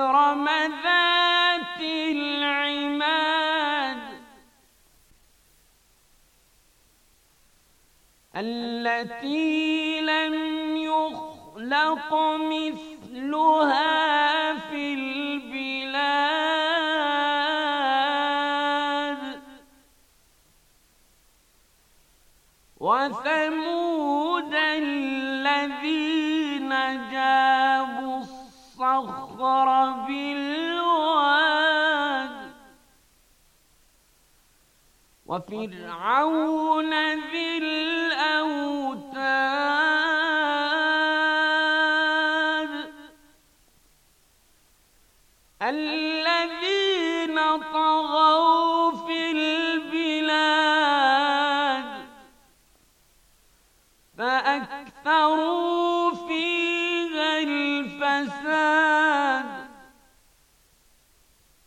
إرم ذات العماد التي لم يخلق مثلها في البلاد وثمود وفرعون ذي الأوتاد الذي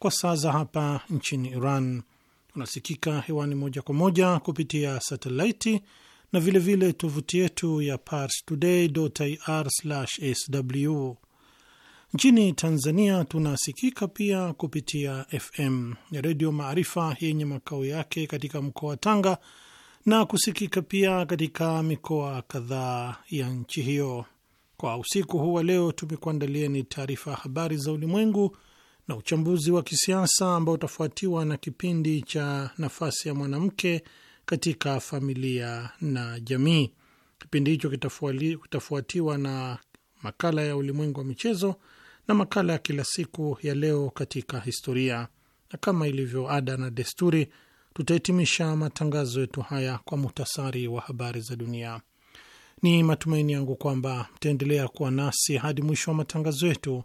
kwa saa za hapa nchini Iran. Tunasikika hewani moja kwa moja kupitia satelaiti na vilevile tovuti yetu ya ir sw Nchini Tanzania tunasikika pia kupitia FM ya Redio Maarifa yenye makao yake katika mkoa wa Tanga na kusikika pia katika mikoa kadhaa ya nchi hiyo. Kwa usiku huu wa leo, tumekuandalieni taarifa habari za ulimwengu na uchambuzi wa kisiasa ambao utafuatiwa na kipindi cha nafasi ya mwanamke katika familia na jamii. Kipindi hicho kitafuatiwa na makala ya ulimwengu wa michezo na makala ya kila siku ya leo katika historia, na kama ilivyo ada na desturi, tutahitimisha matangazo yetu haya kwa muhtasari wa habari za dunia. Ni matumaini yangu kwamba mtaendelea kuwa nasi hadi mwisho wa matangazo yetu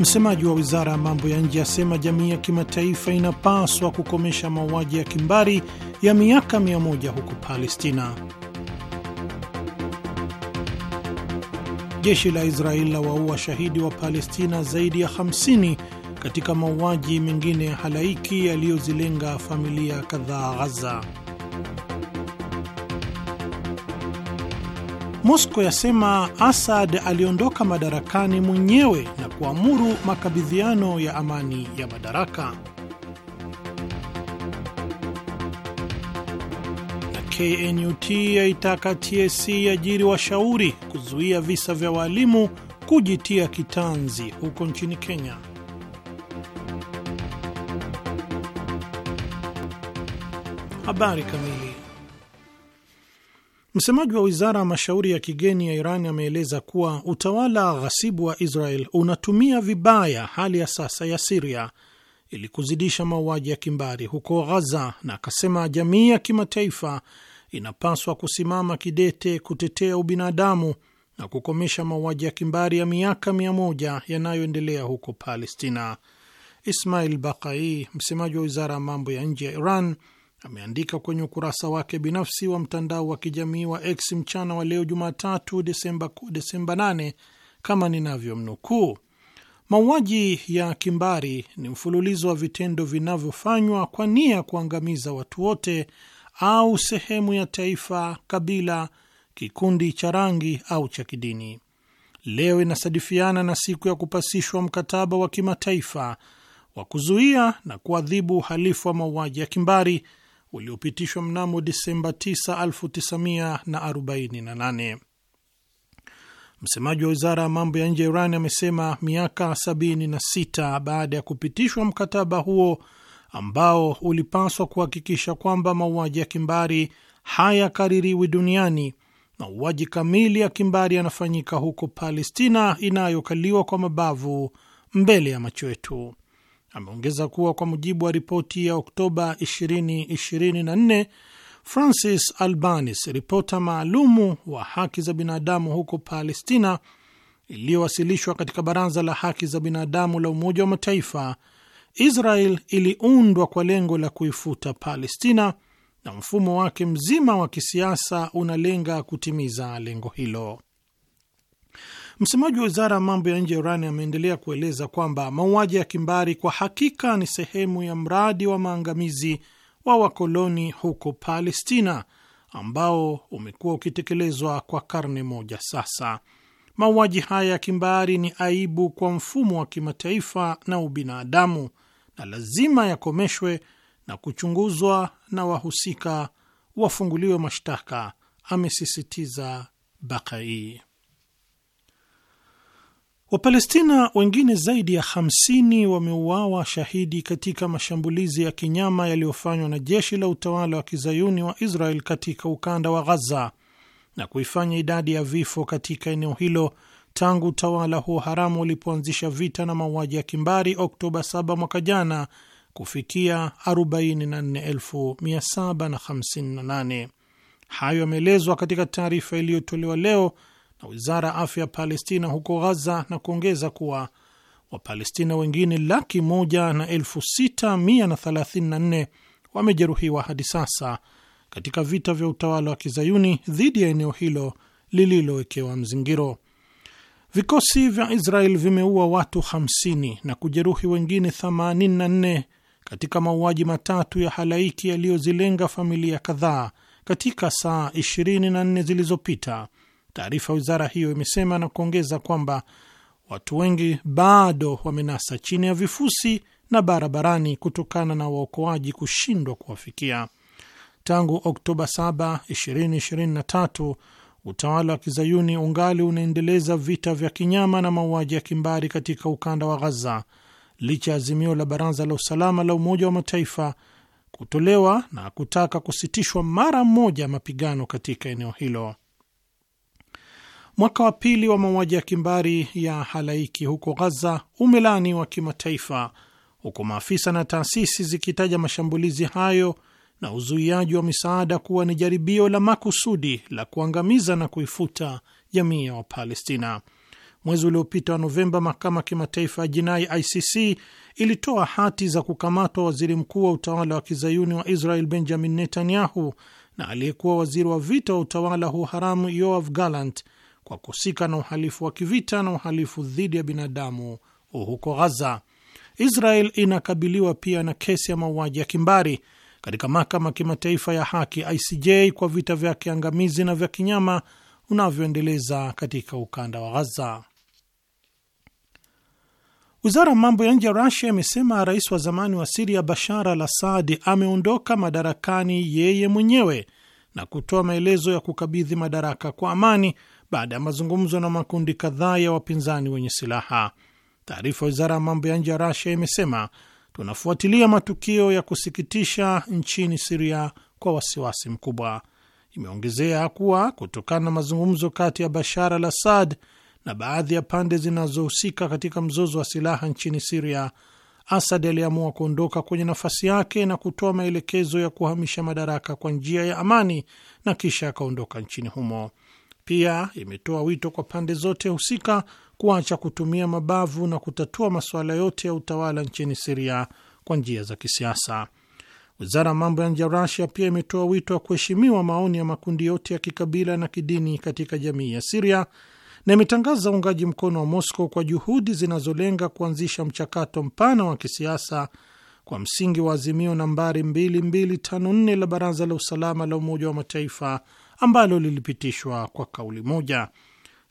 Msemaji wa wizara ya mambo ya nje asema jamii ya kimataifa inapaswa kukomesha mauaji ya kimbari ya miaka 1 huko Palestina. Jeshi la Israeli la waua shahidi wa Palestina zaidi ya 50 katika mauaji mengine ya halaiki yaliyozilenga familia kadhaa Ghaza. Moscow yasema Assad aliondoka madarakani mwenyewe na kuamuru makabidhiano ya amani ya madaraka. Na KNUT yaitaka TSC ajiri washauri kuzuia visa vya waalimu kujitia kitanzi huko nchini Kenya. Habari kamili Msemaji wa wizara ya mashauri ya kigeni ya Iran ameeleza kuwa utawala ghasibu wa Israel unatumia vibaya hali ya sasa ya Siria ili kuzidisha mauaji ya kimbari huko Ghaza, na akasema jamii ya kimataifa inapaswa kusimama kidete kutetea ubinadamu na kukomesha mauaji ya kimbari ya miaka mia moja yanayoendelea huko Palestina. Ismail Bakai, msemaji wa wizara ya mambo ya nje ya Iran, ameandika kwenye ukurasa wake binafsi wa mtandao wa kijamii wa X mchana wa leo Jumatatu Desemba, Desemba 8 kama ninavyomnukuu: mauaji ya kimbari ni mfululizo wa vitendo vinavyofanywa kwa nia ya kuangamiza watu wote au sehemu ya taifa, kabila, kikundi cha rangi au cha kidini. Leo inasadifiana na siku ya kupasishwa mkataba wa kimataifa wa kuzuia na kuadhibu uhalifu wa mauaji ya kimbari uliopitishwa mnamo Disemba 9, 1948. Msemaji wa wizara ya mambo ya nje ya Iran amesema miaka 76 baada ya kupitishwa mkataba huo ambao ulipaswa kuhakikisha kwamba mauaji ya kimbari hayakaririwi duniani, mauaji kamili ya kimbari yanafanyika huko Palestina inayokaliwa kwa mabavu mbele ya macho yetu. Ameongeza kuwa kwa mujibu wa ripoti ya Oktoba 2024 Francis Albanis, ripota maalumu wa haki za binadamu huko Palestina, iliyowasilishwa katika Baraza la Haki za Binadamu la Umoja wa Mataifa, Israel iliundwa kwa lengo la kuifuta Palestina na mfumo wake mzima wa kisiasa unalenga kutimiza lengo hilo. Msemaji wa wizara ya mambo ya nje ya Irani ameendelea kueleza kwamba mauaji ya kimbari kwa hakika ni sehemu ya mradi wa maangamizi wa wakoloni huko Palestina ambao umekuwa ukitekelezwa kwa karne moja sasa. Mauaji haya ya kimbari ni aibu kwa mfumo wa kimataifa na ubinadamu na lazima yakomeshwe na kuchunguzwa na wahusika wafunguliwe mashtaka, amesisitiza Bakai. Wapalestina wengine zaidi ya 50 wameuawa shahidi katika mashambulizi ya kinyama yaliyofanywa na jeshi la utawala wa kizayuni wa Israel katika ukanda wa Ghaza na kuifanya idadi ya vifo katika eneo hilo tangu utawala huo haramu ulipoanzisha vita na mauaji ya kimbari Oktoba 7 mwaka jana kufikia 44758. Hayo yameelezwa katika taarifa iliyotolewa leo na wizara ya afya ya Palestina huko Ghaza na kuongeza kuwa Wapalestina wengine laki moja na elfu sita mia na thelathini na nne wamejeruhiwa hadi sasa katika vita vya utawala wa kizayuni dhidi ya eneo hilo lililowekewa mzingiro. Vikosi vya Israel vimeua watu 50 na kujeruhi wengine 84 katika mauaji matatu ya halaiki yaliyozilenga familia kadhaa katika saa 24 zilizopita Taarifa wizara hiyo imesema na kuongeza kwamba watu wengi bado wamenasa chini ya vifusi na barabarani kutokana na waokoaji kushindwa kuwafikia. Tangu Oktoba 7, 2023 utawala wa kizayuni ungali unaendeleza vita vya kinyama na mauaji ya kimbari katika ukanda wa Ghaza licha ya azimio la Baraza la Usalama la Umoja wa Mataifa kutolewa na kutaka kusitishwa mara moja mapigano katika eneo hilo. Mwaka wa pili wa mauaji ya kimbari ya halaiki huko Ghaza umelani wa kimataifa, huku maafisa na taasisi zikitaja mashambulizi hayo na uzuiaji wa misaada kuwa ni jaribio la makusudi la kuangamiza na kuifuta jamii ya Wapalestina. Mwezi uliopita wa Novemba, mahakama ya kimataifa ya jinai ICC ilitoa hati za kukamatwa waziri mkuu wa utawala wa kizayuni wa Israel Benjamin Netanyahu na aliyekuwa waziri wa vita wa utawala huu haramu Yoav Gallant kwa kuhusika na uhalifu wa kivita na uhalifu dhidi ya binadamu huko Ghaza. Israel inakabiliwa pia na kesi ya mauaji ya kimbari katika mahakama ya kimataifa ya haki ICJ kwa vita vya kiangamizi na vya kinyama unavyoendeleza katika ukanda wa Ghaza. Wizara ya mambo ya nje ya Rusia imesema rais wa zamani wa Siria Bashar al Assad ameondoka madarakani yeye mwenyewe na kutoa maelezo ya kukabidhi madaraka kwa amani baada ya mazungumzo na makundi kadhaa ya wapinzani wenye silaha. Taarifa ya wizara ya mambo ya nje ya Rasia imesema tunafuatilia matukio ya kusikitisha nchini Siria kwa wasiwasi mkubwa. Imeongezea kuwa kutokana na mazungumzo kati ya Bashar al Assad na baadhi ya pande zinazohusika katika mzozo wa silaha nchini Siria, Asad aliamua kuondoka kwenye nafasi yake na kutoa maelekezo ya kuhamisha madaraka kwa njia ya amani na kisha akaondoka nchini humo pia imetoa wito kwa pande zote husika kuacha kutumia mabavu na kutatua masuala yote ya utawala nchini Siria kwa njia za kisiasa. Wizara ya mambo ya nje ya Rasia pia imetoa wito wa kuheshimiwa maoni ya makundi yote ya kikabila na kidini katika jamii ya Siria na imetangaza uungaji mkono wa Moscow kwa juhudi zinazolenga kuanzisha mchakato mpana wa kisiasa kwa msingi wa azimio nambari 2254 la Baraza la Usalama la Umoja wa Mataifa ambalo lilipitishwa kwa kauli moja.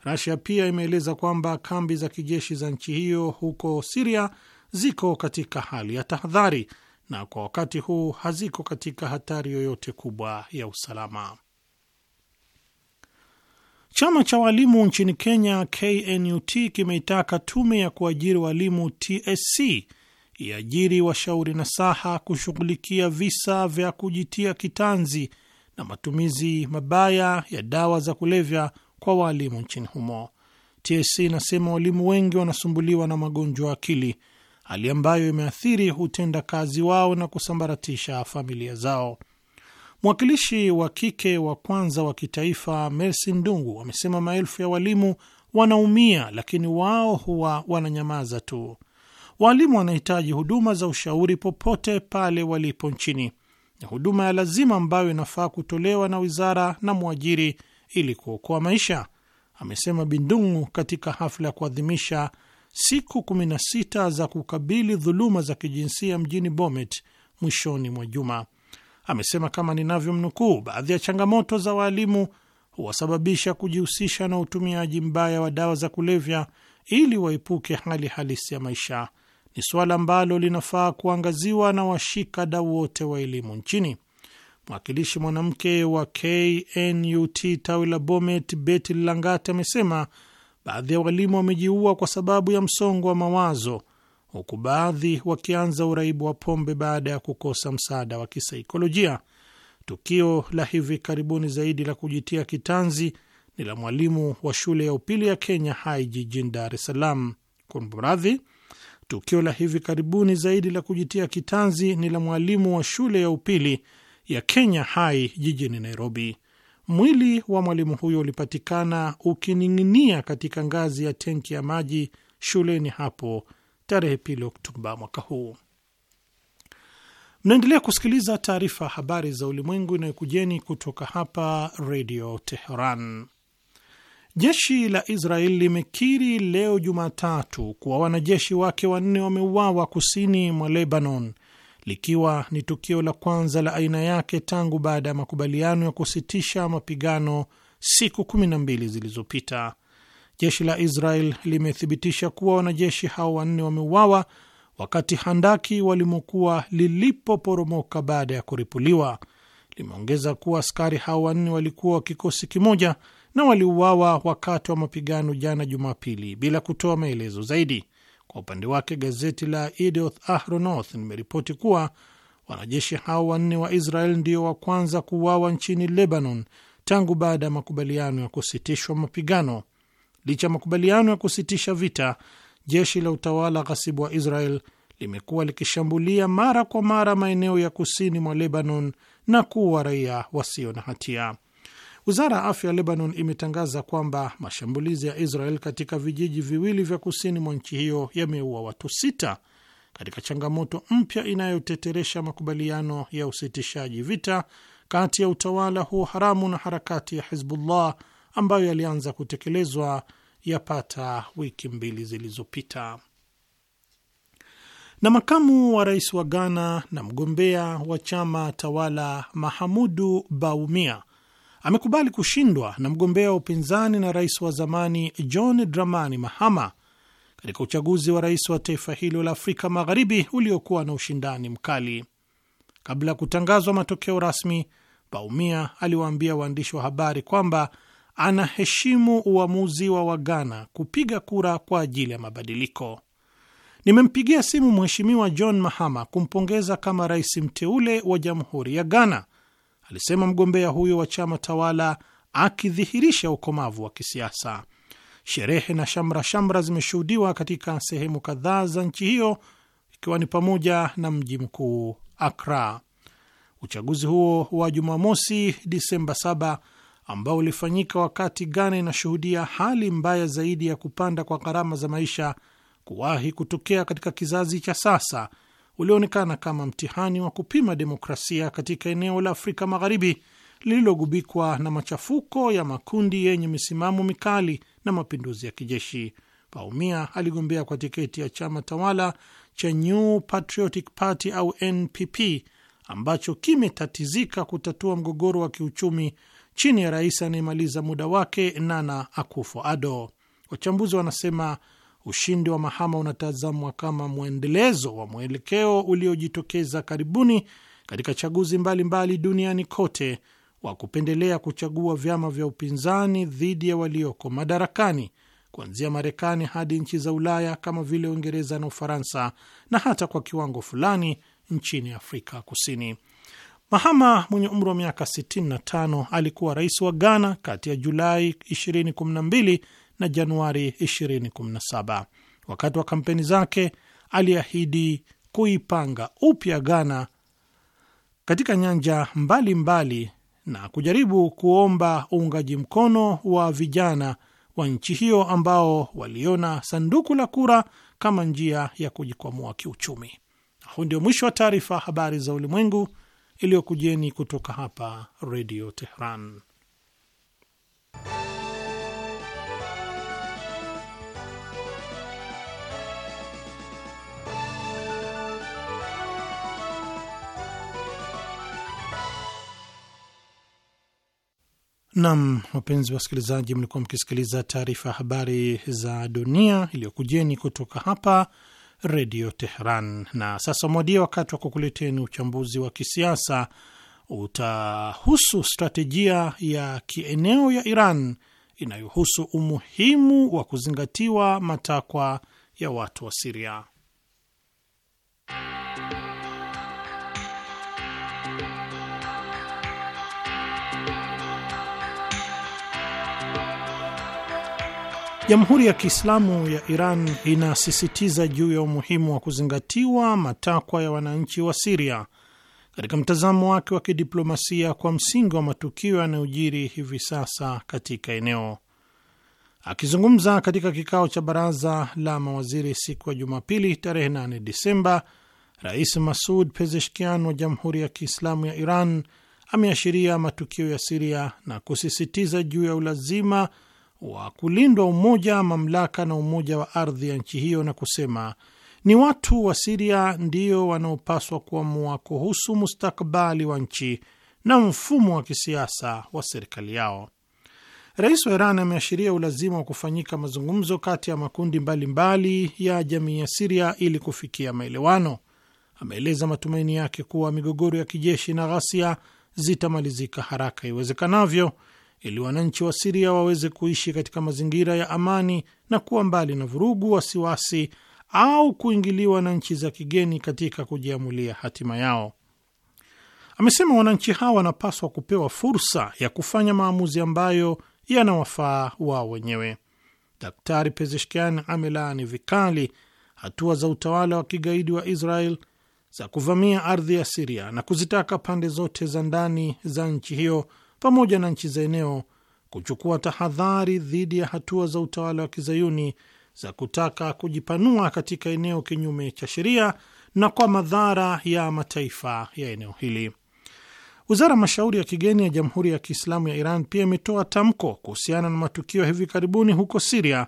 Rasia pia imeeleza kwamba kambi za kijeshi za nchi hiyo huko Siria ziko katika hali ya tahadhari na kwa wakati huu haziko katika hatari yoyote kubwa ya usalama. Chama cha walimu nchini Kenya, KNUT, kimeitaka tume ya kuajiri walimu TSC iajiri washauri na saha kushughulikia visa vya kujitia kitanzi na matumizi mabaya ya dawa za kulevya kwa waalimu nchini humo. TSC inasema walimu wengi wanasumbuliwa na magonjwa ya akili, hali ambayo imeathiri hutenda kazi wao na kusambaratisha familia zao. Mwakilishi wa kike wa kwanza wa kitaifa Mercy Ndungu amesema maelfu ya walimu wanaumia, lakini wao huwa wananyamaza tu. Waalimu wanahitaji huduma za ushauri popote pale walipo nchini na huduma ya lazima ambayo inafaa kutolewa na wizara na mwajiri ili kuokoa maisha, amesema Bindungu katika hafla ya kuadhimisha siku 16 za kukabili dhuluma za kijinsia mjini Bomet mwishoni mwa juma. Amesema kama ninavyomnukuu, baadhi ya changamoto za waalimu huwasababisha kujihusisha na utumiaji mbaya wa dawa za kulevya ili waepuke hali halisi ya maisha ni suala ambalo linafaa kuangaziwa na washika dau wote wa elimu nchini. Mwakilishi mwanamke wa KNUT tawi la Bomet, Beti Langati, amesema baadhi ya walimu wamejiua kwa sababu ya msongo wa mawazo, huku baadhi wakianza uraibu wa pombe baada ya kukosa msaada wa kisaikolojia. Tukio la hivi karibuni zaidi la kujitia kitanzi ni la mwalimu wa shule ya upili ya Kenya Hai jijini Dar es Salaam. Kumradhi, Tukio la hivi karibuni zaidi la kujitia kitanzi ni la mwalimu wa shule ya upili ya Kenya High jijini Nairobi. Mwili wa mwalimu huyo ulipatikana ukining'inia katika ngazi ya tenki ya maji shuleni hapo tarehe pili Oktoba mwaka huu. Mnaendelea kusikiliza taarifa habari za ulimwengu inayokujeni kutoka hapa Redio Teheran. Jeshi la israel limekiri leo Jumatatu kuwa wanajeshi wake wanne wameuawa kusini mwa Lebanon, likiwa ni tukio la kwanza la aina yake tangu baada ya makubaliano ya kusitisha mapigano siku kumi na mbili zilizopita. Jeshi la Israel limethibitisha kuwa wanajeshi hao wanne wameuawa wakati handaki walimokuwa lilipoporomoka baada ya kuripuliwa. Limeongeza kuwa askari hao wanne walikuwa wa kikosi kimoja na waliuawa wakati wa mapigano jana Jumapili, bila kutoa maelezo zaidi. Kwa upande wake, gazeti la Idioth Ahronoth limeripoti kuwa wanajeshi hao wanne wa Israel ndio wa kwanza kuuawa nchini Lebanon tangu baada ya makubaliano ya kusitishwa mapigano. Licha ya makubaliano ya kusitisha vita, jeshi la utawala ghasibu wa Israel limekuwa likishambulia mara kwa mara maeneo ya kusini mwa Lebanon na kuua raia wasio na hatia. Wizara ya afya ya Lebanon imetangaza kwamba mashambulizi ya Israel katika vijiji viwili vya kusini mwa nchi hiyo yameua watu sita katika changamoto mpya inayoteteresha makubaliano ya usitishaji vita kati ya utawala huo haramu na harakati ya Hizbullah ambayo yalianza kutekelezwa yapata wiki mbili zilizopita. Na makamu wa rais wa Ghana na mgombea wa chama tawala Mahamudu Baumia amekubali kushindwa na mgombea wa upinzani na rais wa zamani John Dramani Mahama katika uchaguzi wa rais wa taifa hilo la Afrika Magharibi uliokuwa na ushindani mkali. Kabla ya kutangazwa matokeo rasmi, Baumia aliwaambia waandishi wa habari kwamba anaheshimu uamuzi wa Waghana kupiga kura kwa ajili ya mabadiliko. Nimempigia simu Mheshimiwa John Mahama kumpongeza kama rais mteule wa Jamhuri ya Ghana alisema mgombea huyo wa chama tawala akidhihirisha ukomavu wa kisiasa. Sherehe na shamra shamra zimeshuhudiwa katika sehemu kadhaa za nchi hiyo ikiwa ni pamoja na mji mkuu Akra. Uchaguzi huo wa Jumamosi Disemba 7 ambao ulifanyika wakati Ghana inashuhudia hali mbaya zaidi ya kupanda kwa gharama za maisha kuwahi kutokea katika kizazi cha sasa ulioonekana kama mtihani wa kupima demokrasia katika eneo la Afrika Magharibi lililogubikwa na machafuko ya makundi yenye misimamo mikali na mapinduzi ya kijeshi. Paumia aligombea kwa tiketi ya chama tawala cha New Patriotic Party au NPP ambacho kimetatizika kutatua mgogoro wa kiuchumi chini ya rais anayemaliza muda wake Nana akufo ado Wachambuzi wanasema ushindi wa Mahama unatazamwa kama mwendelezo wa mwelekeo uliojitokeza karibuni katika chaguzi mbalimbali mbali duniani kote wa kupendelea kuchagua vyama vya upinzani dhidi ya walioko madarakani kuanzia Marekani hadi nchi za Ulaya kama vile Uingereza na Ufaransa na hata kwa kiwango fulani nchini Afrika Kusini. Mahama mwenye umri wa miaka 65 alikuwa rais wa Ghana kati ya Julai 2012 na Januari 2017. Wakati wa kampeni zake aliahidi kuipanga upya Ghana katika nyanja mbalimbali mbali, na kujaribu kuomba uungaji mkono wa vijana wa nchi hiyo ambao waliona sanduku la kura kama njia ya kujikwamua kiuchumi. Na huu ndio mwisho wa taarifa ya habari za ulimwengu iliyokujeni kutoka hapa Redio Tehran. Nam, wapenzi wasikilizaji, mlikuwa mkisikiliza taarifa ya habari za dunia iliyokujeni kutoka hapa Redio Teheran. Na sasa mwadia wakati wa kukuleteni uchambuzi wa kisiasa utahusu strategia ya kieneo ya Iran inayohusu umuhimu wa kuzingatiwa matakwa ya watu wa Siria. Jamhuri ya Kiislamu ya Iran inasisitiza juu ya umuhimu wa kuzingatiwa matakwa ya wananchi wa Siria katika mtazamo wake wa kidiplomasia kwa msingi wa matukio yanayojiri hivi sasa katika eneo. Akizungumza katika kikao cha baraza la mawaziri siku ya Jumapili tarehe 8 Disemba, Rais Masud Pezeshkian wa Jamhuri ya Kiislamu ya Iran ameashiria matukio ya Siria na kusisitiza juu ya ulazima wa kulindwa umoja, mamlaka na umoja wa ardhi ya nchi hiyo na kusema ni watu wa Siria ndio wanaopaswa kuamua kuhusu mustakabali wa nchi na mfumo wa kisiasa wa serikali yao. Rais wa Iran ameashiria ulazima wa kufanyika mazungumzo kati ya makundi mbalimbali mbali ya jamii ya Siria ili kufikia maelewano. Ameeleza matumaini yake kuwa migogoro ya kijeshi na ghasia zitamalizika haraka iwezekanavyo ili wananchi wa Siria waweze kuishi katika mazingira ya amani na kuwa mbali na vurugu, wasiwasi au kuingiliwa na nchi za kigeni katika kujiamulia hatima yao. Amesema wananchi hawa wanapaswa kupewa fursa ya kufanya maamuzi ambayo yanawafaa wao wenyewe. Daktari Pezeshkian amelaani vikali hatua za utawala wa kigaidi wa Israel za kuvamia ardhi ya Siria na kuzitaka pande zote za ndani za nchi hiyo pamoja na nchi za eneo kuchukua tahadhari dhidi ya hatua za utawala wa kizayuni za kutaka kujipanua katika eneo kinyume cha sheria na kwa madhara ya mataifa ya eneo hili. Wizara ya mashauri ya kigeni ya Jamhuri ya Kiislamu ya Iran pia imetoa tamko kuhusiana na matukio ya hivi karibuni huko Siria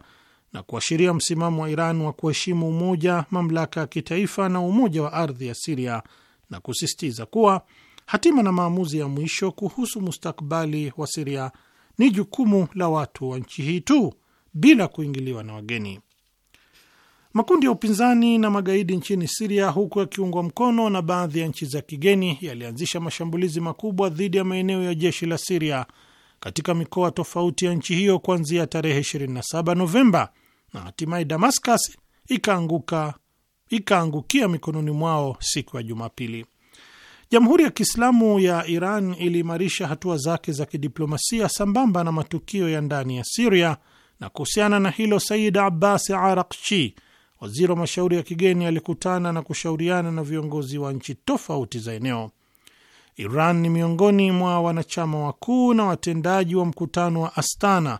na kuashiria msimamo wa Iran wa kuheshimu umoja, mamlaka ya kitaifa na umoja wa ardhi ya Siria na kusisitiza kuwa Hatima na maamuzi ya mwisho kuhusu mustakbali wa Siria ni jukumu la watu wa nchi hii tu bila kuingiliwa na wageni. Makundi ya upinzani na magaidi nchini Siria, huku yakiungwa mkono na baadhi ya nchi za kigeni, yalianzisha mashambulizi makubwa dhidi ya maeneo ya jeshi la Siria katika mikoa tofauti ya nchi hiyo kuanzia tarehe 27 Novemba, na hatimaye Damascus ikaanguka ikaangukia mikononi mwao siku ya Jumapili. Jamhuri ya Kiislamu ya Iran iliimarisha hatua zake za kidiplomasia sambamba na matukio ya ndani ya Siria. Na kuhusiana na hilo, Said Abbas Arakchi, waziri wa mashauri ya kigeni, alikutana na kushauriana na viongozi wa nchi tofauti za eneo. Iran ni miongoni mwa wanachama wakuu na watendaji wa mkutano wa Astana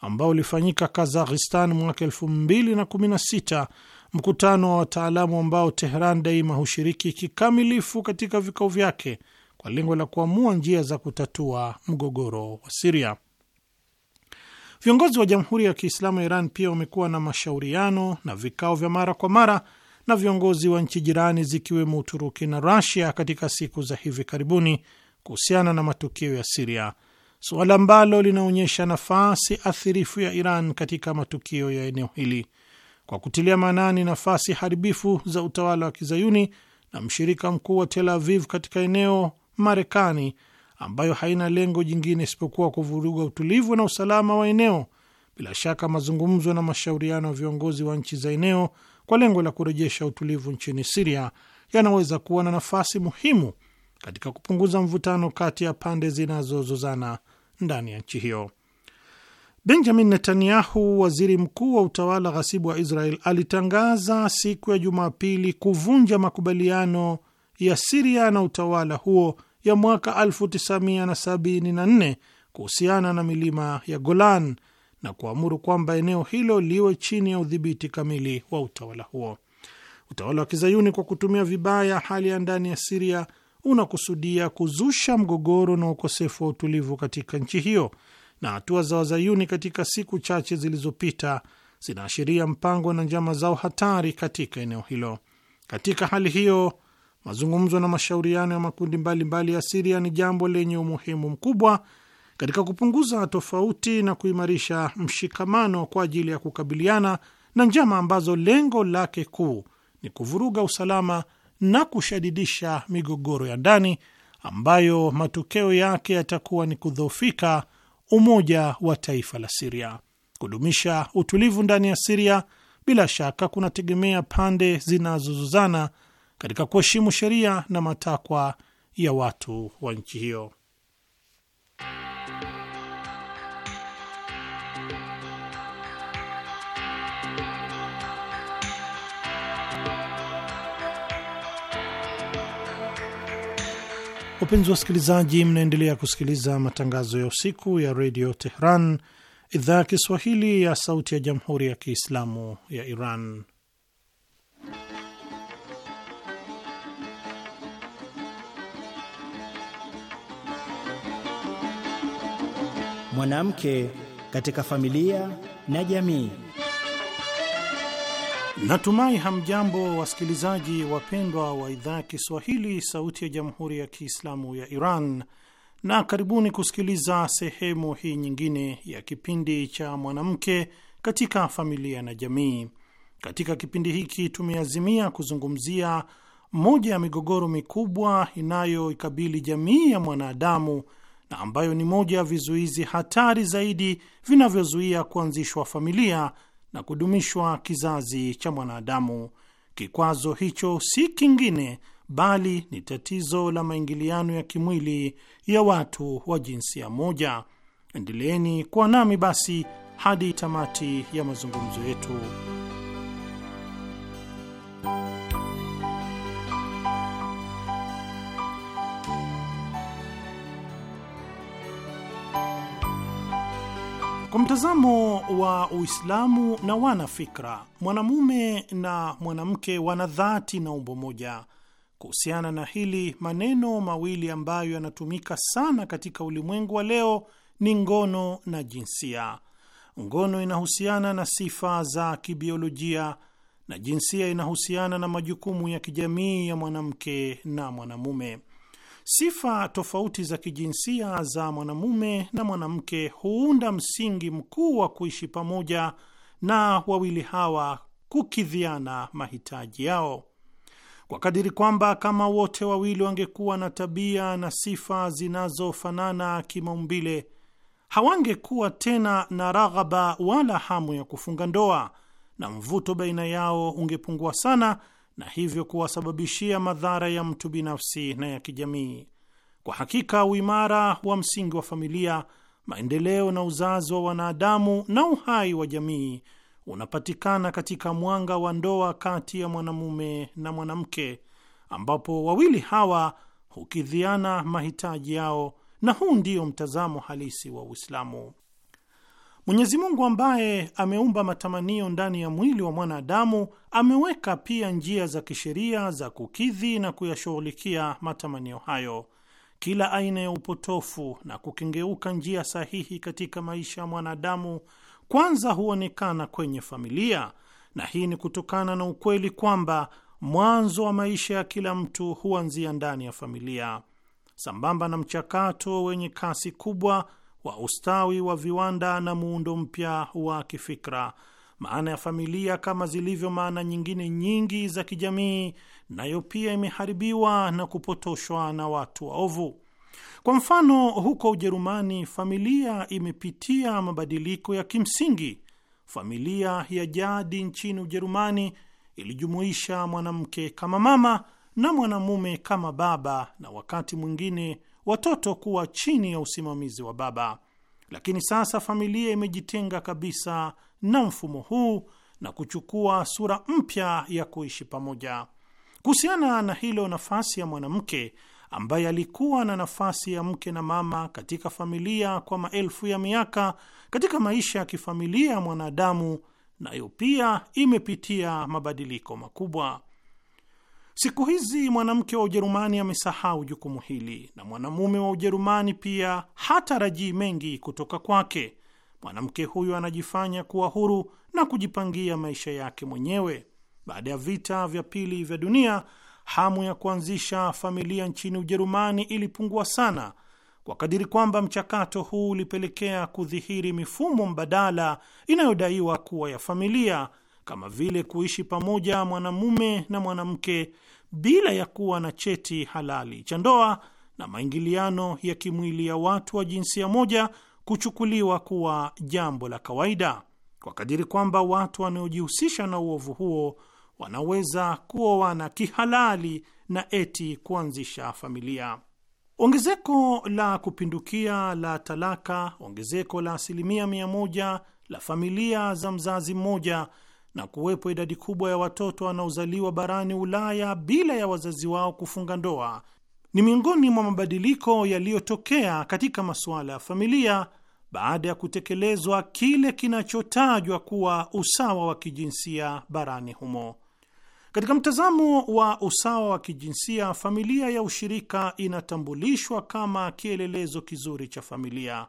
ambao ulifanyika kazakhistan mwaka 2016 mkutano wa wataalamu ambao Tehran daima hushiriki kikamilifu katika vikao vyake kwa lengo la kuamua njia za kutatua mgogoro wa Siria. Viongozi wa Jamhuri ya Kiislamu ya Iran pia wamekuwa na mashauriano na vikao vya mara kwa mara na viongozi wa nchi jirani zikiwemo Uturuki na Rasia katika siku za hivi karibuni kuhusiana na matukio ya Siria, suala ambalo linaonyesha nafasi athirifu ya Iran katika matukio ya eneo hili kwa kutilia maanani nafasi haribifu za utawala wa kizayuni na mshirika mkuu wa Tel Aviv katika eneo Marekani, ambayo haina lengo jingine isipokuwa kuvuruga utulivu na usalama wa eneo. Bila shaka mazungumzo na mashauriano ya viongozi wa nchi za eneo kwa lengo la kurejesha utulivu nchini Siria yanaweza kuwa na nafasi muhimu katika kupunguza mvutano kati ya pande zinazozozana ndani ya nchi hiyo. Benjamin Netanyahu, waziri mkuu wa utawala ghasibu wa Israel, alitangaza siku ya Jumapili kuvunja makubaliano ya Siria na utawala huo ya mwaka 1974 kuhusiana na milima ya Golan na kuamuru kwamba eneo hilo liwe chini ya udhibiti kamili wa utawala huo. Utawala wa kizayuni kwa kutumia vibaya hali ya ndani ya Siria unakusudia kuzusha mgogoro na ukosefu wa utulivu katika nchi hiyo na hatua za wazayuni katika siku chache zilizopita zinaashiria mpango na njama zao hatari katika eneo hilo. Katika hali hiyo, mazungumzo na mashauriano ya makundi mbalimbali mbali ya Siria ni jambo lenye umuhimu mkubwa katika kupunguza tofauti na kuimarisha mshikamano kwa ajili ya kukabiliana na njama ambazo lengo lake kuu ni kuvuruga usalama na kushadidisha migogoro ya ndani ambayo matokeo yake yatakuwa ni kudhoofika umoja wa taifa la Siria. Kudumisha utulivu ndani ya Siria bila shaka kunategemea pande zinazozozana katika kuheshimu sheria na matakwa ya watu wa nchi hiyo. Wapenzi wasikilizaji, mnaendelea kusikiliza matangazo ya usiku ya redio Tehran, idhaa ya Kiswahili ya sauti ya jamhuri ya Kiislamu ya Iran. Mwanamke katika familia na jamii. Natumai hamjambo wasikilizaji wapendwa wa idhaa ya Kiswahili sauti ya Jamhuri ya Kiislamu ya Iran na karibuni kusikiliza sehemu hii nyingine ya kipindi cha mwanamke katika familia na jamii. Katika kipindi hiki tumeazimia kuzungumzia moja ya migogoro mikubwa inayoikabili jamii ya mwanadamu na ambayo ni moja ya vizuizi hatari zaidi vinavyozuia kuanzishwa familia na kudumishwa kizazi cha mwanadamu. Kikwazo hicho si kingine bali ni tatizo la maingiliano ya kimwili ya watu wa jinsia moja. Endeleeni kuwa nami basi hadi tamati ya mazungumzo yetu. Kwa mtazamo wa Uislamu na wanafikra, mwanamume na mwanamke wana dhati na umbo moja. Kuhusiana na hili, maneno mawili ambayo yanatumika sana katika ulimwengu wa leo ni ngono na jinsia. Ngono inahusiana na sifa za kibiolojia na jinsia inahusiana na majukumu ya kijamii ya mwanamke na mwanamume. Sifa tofauti za kijinsia za mwanamume na mwanamke huunda msingi mkuu wa kuishi pamoja na wawili hawa kukidhiana mahitaji yao, kwa kadiri kwamba kama wote wawili wangekuwa na tabia na sifa zinazofanana kimaumbile, hawangekuwa tena na raghaba wala hamu ya kufunga ndoa, na mvuto baina yao ungepungua sana na hivyo kuwasababishia madhara ya mtu binafsi na ya kijamii. Kwa hakika uimara wa msingi wa familia, maendeleo na uzazi wa wanadamu na uhai wa jamii unapatikana katika mwanga wa ndoa kati ya mwanamume na mwanamke, ambapo wawili hawa hukidhiana mahitaji yao, na huu ndio mtazamo halisi wa Uislamu. Mwenyezi Mungu ambaye ameumba matamanio ndani ya mwili wa mwanadamu ameweka pia njia za kisheria za kukidhi na kuyashughulikia matamanio hayo. Kila aina ya upotofu na kukengeuka njia sahihi katika maisha ya mwanadamu kwanza huonekana kwenye familia, na hii ni kutokana na ukweli kwamba mwanzo wa maisha ya kila mtu huanzia ndani ya familia, sambamba na mchakato wenye kasi kubwa wa ustawi wa viwanda na muundo mpya wa kifikra. Maana ya familia, kama zilivyo maana nyingine nyingi za kijamii, nayo pia imeharibiwa na kupotoshwa na watu waovu. Kwa mfano, huko Ujerumani familia imepitia mabadiliko ya kimsingi. Familia ya jadi nchini Ujerumani ilijumuisha mwanamke kama mama na mwanamume kama baba, na wakati mwingine watoto kuwa chini ya usimamizi wa baba, lakini sasa familia imejitenga kabisa na mfumo huu na kuchukua sura mpya ya kuishi pamoja. Kuhusiana na hilo, nafasi ya mwanamke ambaye alikuwa na nafasi ya mke na mama katika familia kwa maelfu ya miaka, katika maisha ya kifamilia ya mwanadamu, nayo pia imepitia mabadiliko makubwa. Siku hizi mwanamke wa Ujerumani amesahau jukumu hili na mwanamume wa Ujerumani pia hatarajii mengi kutoka kwake. Mwanamke huyu anajifanya kuwa huru na kujipangia maisha yake mwenyewe. Baada ya vita vya pili vya dunia, hamu ya kuanzisha familia nchini Ujerumani ilipungua sana, kwa kadiri kwamba mchakato huu ulipelekea kudhihiri mifumo mbadala inayodaiwa kuwa ya familia, kama vile kuishi pamoja mwanamume na mwanamke bila ya kuwa na cheti halali cha ndoa na maingiliano ya kimwili ya watu wa jinsia moja kuchukuliwa kuwa jambo la kawaida, kwa kadiri kwamba watu wanaojihusisha na uovu huo wanaweza kuoana kihalali na eti kuanzisha familia. Ongezeko la kupindukia la talaka, ongezeko la asilimia mia moja la familia za mzazi mmoja na kuwepo idadi kubwa ya watoto wanaozaliwa barani Ulaya bila ya wazazi wao kufunga ndoa ni miongoni mwa mabadiliko yaliyotokea katika masuala ya familia baada ya kutekelezwa kile kinachotajwa kuwa usawa wa kijinsia barani humo. Katika mtazamo wa usawa wa kijinsia, familia ya ushirika inatambulishwa kama kielelezo kizuri cha familia.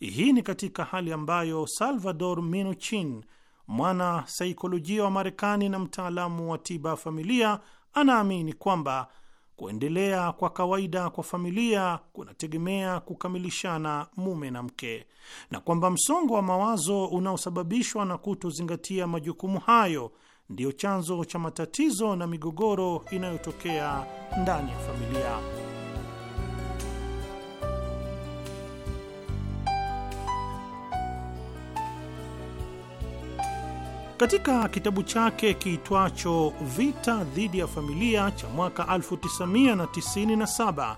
Hii ni katika hali ambayo Salvador Minuchin mwana saikolojia wa Marekani na mtaalamu wa tiba familia anaamini kwamba kuendelea kwa kawaida kwa familia kunategemea kukamilishana mume na mke, na kwamba msongo wa mawazo unaosababishwa na kutozingatia majukumu hayo ndiyo chanzo cha matatizo na migogoro inayotokea ndani ya familia. Katika kitabu chake kiitwacho Vita dhidi ya Familia cha mwaka 1997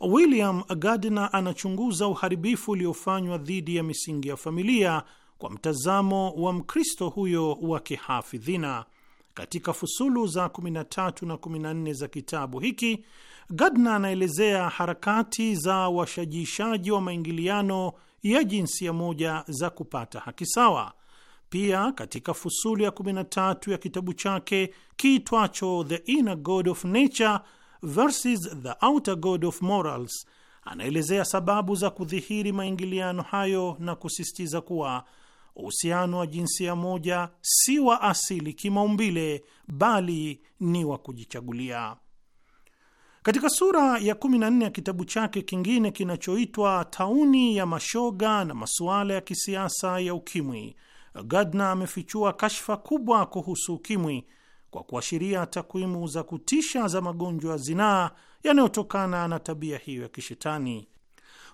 William Gardner anachunguza uharibifu uliofanywa dhidi ya misingi ya familia kwa mtazamo wa Mkristo huyo wa kihafidhina. Katika fusulu za 13 na 14 za kitabu hiki, Gardner anaelezea harakati za washajiishaji wa maingiliano ya jinsia moja za kupata haki sawa pia katika fusuli ya 13 ya kitabu chake kiitwacho The Inner God of Nature versus The Outer God of Morals anaelezea sababu za kudhihiri maingiliano hayo na kusisitiza kuwa uhusiano wa jinsia moja si wa asili kimaumbile, bali ni wa kujichagulia. Katika sura ya 14 ya kitabu chake kingine kinachoitwa Tauni ya Mashoga na Masuala ya Kisiasa ya Ukimwi, Gardner amefichua kashfa kubwa kuhusu ukimwi kwa kuashiria takwimu za kutisha za magonjwa ya zinaa yanayotokana na tabia hiyo ya kishetani.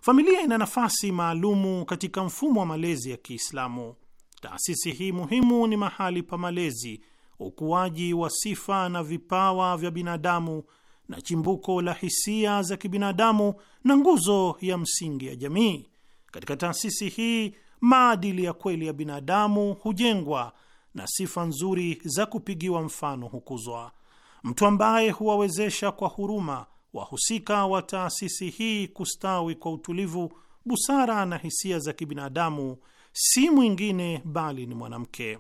Familia ina nafasi maalumu katika mfumo wa malezi ya Kiislamu. Taasisi hii muhimu ni mahali pa malezi, ukuaji wa sifa na vipawa vya binadamu na chimbuko la hisia za kibinadamu na nguzo ya msingi ya jamii. Katika taasisi hii maadili ya kweli ya binadamu hujengwa na sifa nzuri za kupigiwa mfano hukuzwa. Mtu ambaye huwawezesha kwa huruma wahusika wa taasisi hii kustawi kwa utulivu, busara na hisia za kibinadamu si mwingine bali ni mwanamke.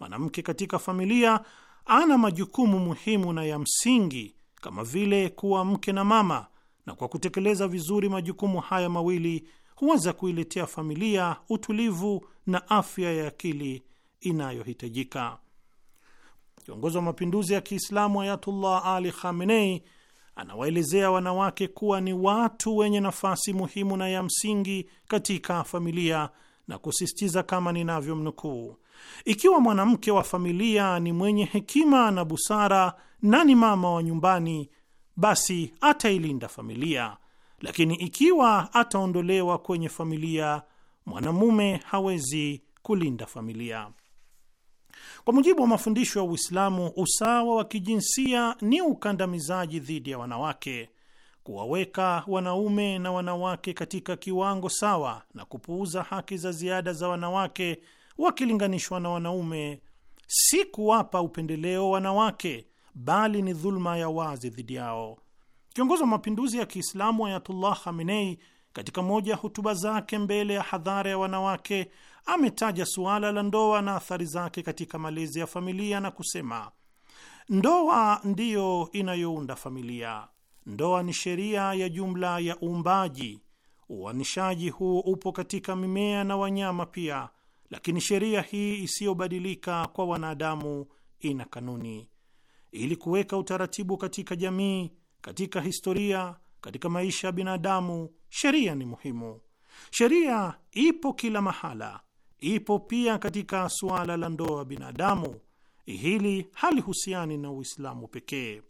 Mwanamke katika familia ana majukumu muhimu na ya msingi kama vile kuwa mke na mama, na kwa kutekeleza vizuri majukumu haya mawili huweza kuiletea familia utulivu na afya ya akili inayohitajika. Kiongozi wa mapinduzi ya Kiislamu Ayatullah Ali Khamenei anawaelezea wanawake kuwa ni watu wenye nafasi muhimu na ya msingi katika familia na kusisitiza kama ninavyomnukuu: ikiwa mwanamke wa familia ni mwenye hekima na busara na ni mama wa nyumbani, basi atailinda familia lakini ikiwa ataondolewa kwenye familia, mwanamume hawezi kulinda familia. Kwa mujibu wa mafundisho ya Uislamu, usawa wa kijinsia ni ukandamizaji dhidi ya wanawake. Kuwaweka wanaume na wanawake katika kiwango sawa na kupuuza haki za ziada za wanawake wakilinganishwa na wanaume si kuwapa upendeleo wanawake, bali ni dhuluma ya wazi dhidi yao. Kiongozi wa mapinduzi ya Kiislamu Ayatullah Khamenei katika moja ya hutuba zake mbele ya hadhara ya wanawake ametaja suala la ndoa na athari zake katika malezi ya familia na kusema, ndoa ndiyo inayounda familia. Ndoa ni sheria ya jumla ya uumbaji. Uanishaji huo upo katika mimea na wanyama pia, lakini sheria hii isiyobadilika kwa wanadamu ina kanuni. Ili kuweka utaratibu katika jamii katika historia, katika maisha ya binadamu, sheria ni muhimu. Sheria ipo kila mahala, ipo pia katika suala la ndoa wa binadamu. Hili halihusiani na Uislamu pekee.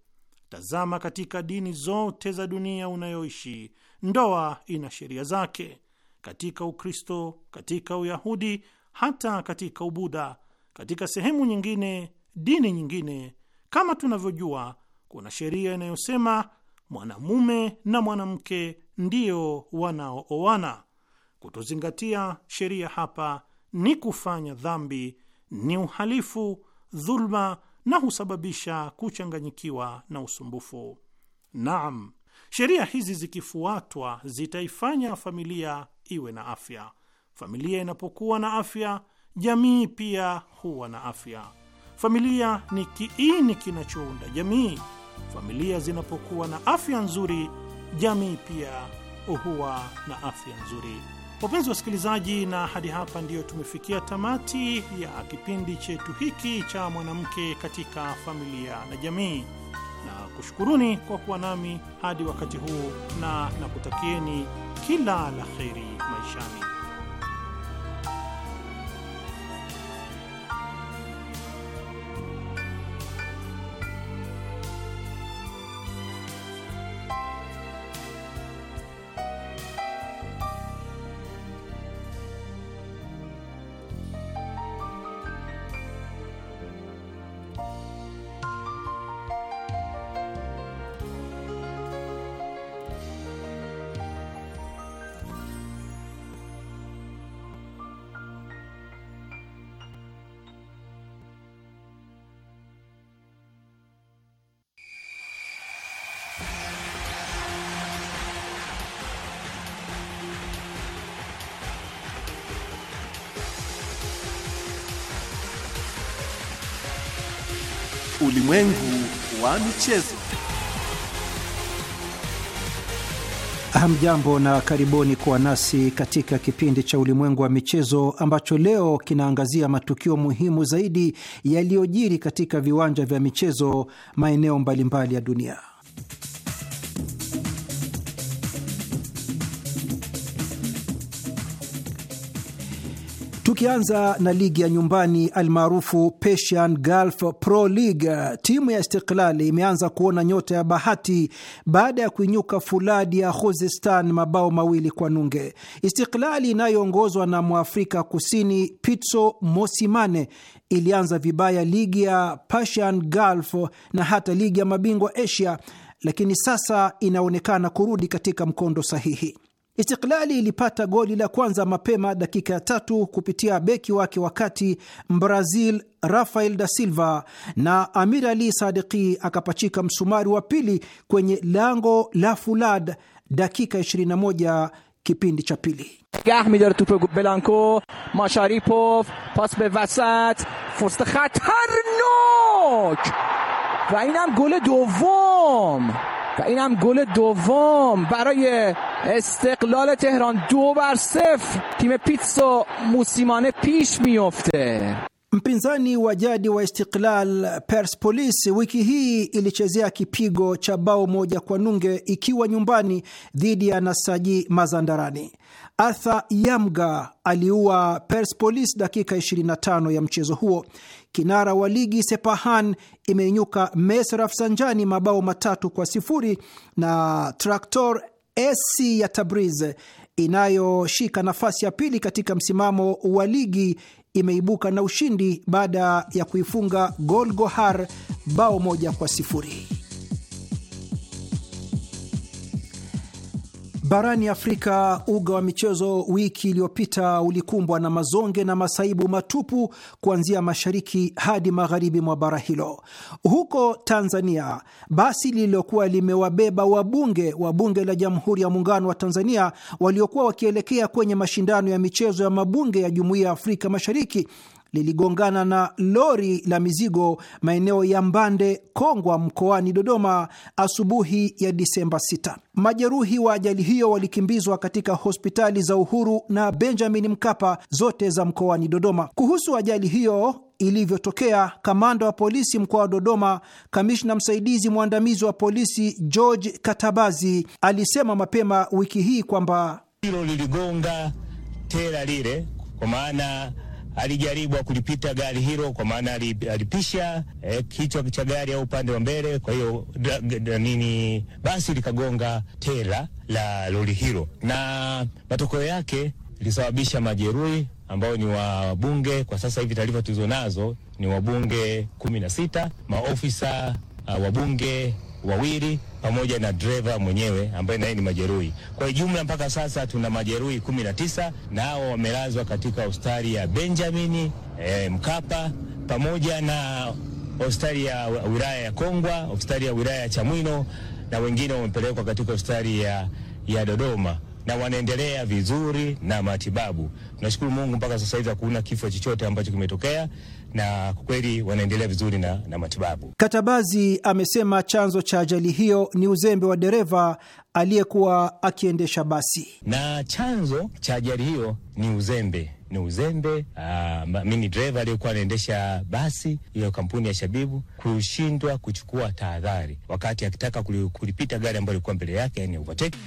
Tazama, katika dini zote za dunia unayoishi, ndoa ina sheria zake, katika Ukristo, katika Uyahudi, hata katika Ubudha. Katika sehemu nyingine, dini nyingine, kama tunavyojua kuna sheria inayosema mwanamume na mwanamke ndio wanaooana. Kutozingatia sheria hapa ni kufanya dhambi, ni uhalifu, dhulma na husababisha kuchanganyikiwa na usumbufu. Naam, sheria hizi zikifuatwa zitaifanya familia iwe na afya. Familia inapokuwa na afya, jamii pia huwa na afya. Familia ni kiini kinachounda jamii. Familia zinapokuwa na afya nzuri, jamii pia huwa na afya nzuri. Wapenzi wasikilizaji, na hadi hapa ndiyo tumefikia tamati ya kipindi chetu hiki cha mwanamke katika familia na jamii, na kushukuruni kwa kuwa nami hadi wakati huu, na nakutakieni kila la kheri maishani. Ulimwengu wa michezo. Hamjambo na karibuni kuwa nasi katika kipindi cha ulimwengu wa michezo ambacho leo kinaangazia matukio muhimu zaidi yaliyojiri katika viwanja vya michezo maeneo mbalimbali ya dunia. Tukianza na ligi ya nyumbani almaarufu Persian Gulf Pro League, timu ya Istiklali imeanza kuona nyota ya bahati baada ya kuinyuka Fuladi ya Khuzestan mabao mawili kwa nunge. Istiklali inayoongozwa na Mwafrika Kusini Pitso Mosimane ilianza vibaya ligi ya Persian Gulf na hata ligi ya mabingwa Asia, lakini sasa inaonekana kurudi katika mkondo sahihi. Istiklali ilipata goli la kwanza mapema dakika ya tatu kupitia beki wake wakati Mbrazil Rafael da Silva na Amir Ali Sadiki akapachika msumari wa pili kwenye lango la Fulad dakika 21 kipindi cha pili. gah midare tupe belanko masharipov pas be vasat fursa khatarnak va inam gol dovom و این هم گل دوم برای استقلال تهران دو بر صفر تیم پیتسو موسیمانه پیش میفته Mpinzani wa jadi wa Istiklal Perspolis wiki hii ilichezea kipigo cha bao moja kwa nunge ikiwa nyumbani dhidi ya Nasaji Mazandarani. Arthur Yamga aliua Perspolis dakika 25 ya mchezo huo. Kinara wa ligi Sepahan imeinyuka Mes Rafsanjani mabao matatu kwa sifuri na Traktor SC ya Tabriz inayoshika nafasi ya pili katika msimamo wa ligi imeibuka na ushindi baada ya kuifunga golgohar bao moja kwa sifuri. Barani Afrika, uga wa michezo wiki iliyopita ulikumbwa na mazonge na masaibu matupu kuanzia mashariki hadi magharibi mwa bara hilo. Huko Tanzania, basi lililokuwa limewabeba wabunge wa bunge la Jamhuri ya Muungano wa Tanzania waliokuwa wakielekea kwenye mashindano ya michezo ya mabunge ya Jumuiya ya Afrika Mashariki liligongana na lori la mizigo maeneo ya Mbande, Kongwa, mkoani Dodoma asubuhi ya Disemba 6. Majeruhi wa ajali hiyo walikimbizwa katika hospitali za Uhuru na Benjamin Mkapa, zote za mkoani Dodoma. Kuhusu ajali hiyo ilivyotokea, kamanda wa polisi mkoa wa Dodoma, kamishna msaidizi mwandamizi wa polisi George Katabazi alisema mapema wiki hii kwamba hilo liligonga tela lile, kwa maana alijaribu kulipita gari hilo, kwa maana alipisha eh, kichwa cha gari au upande wa mbele. Kwa hiyo nini, basi likagonga tela la lori hilo, na matokeo yake ilisababisha majeruhi ambao ni wabunge. Kwa sasa hivi taarifa tulizo nazo ni wabunge kumi na sita, maofisa uh, wabunge wawili pamoja na dreva mwenyewe ambaye naye ni majeruhi. Kwa jumla mpaka sasa tuna majeruhi kumi na tisa na hao wamelazwa katika hospitali ya Benjamini e, eh, Mkapa pamoja na hospitali ya wilaya ya Kongwa, hospitali ya wilaya ya Chamwino na wengine wamepelekwa katika hospitali ya, ya Dodoma na wanaendelea vizuri na matibabu. Tunashukuru Mungu mpaka sasa hivi hakuna kifo chochote ambacho kimetokea na kwa kweli wanaendelea vizuri na, na matibabu. Katabazi amesema chanzo cha ajali hiyo ni uzembe wa dereva aliyekuwa akiendesha basi, na chanzo cha ajali hiyo ni uzembe ni uzembe uh, ni dreva aliyekuwa anaendesha basi hiyo kampuni ya Shabibu kushindwa kuchukua tahadhari wakati akitaka kulipita gari ambayo ilikuwa mbele yake, yani overtake.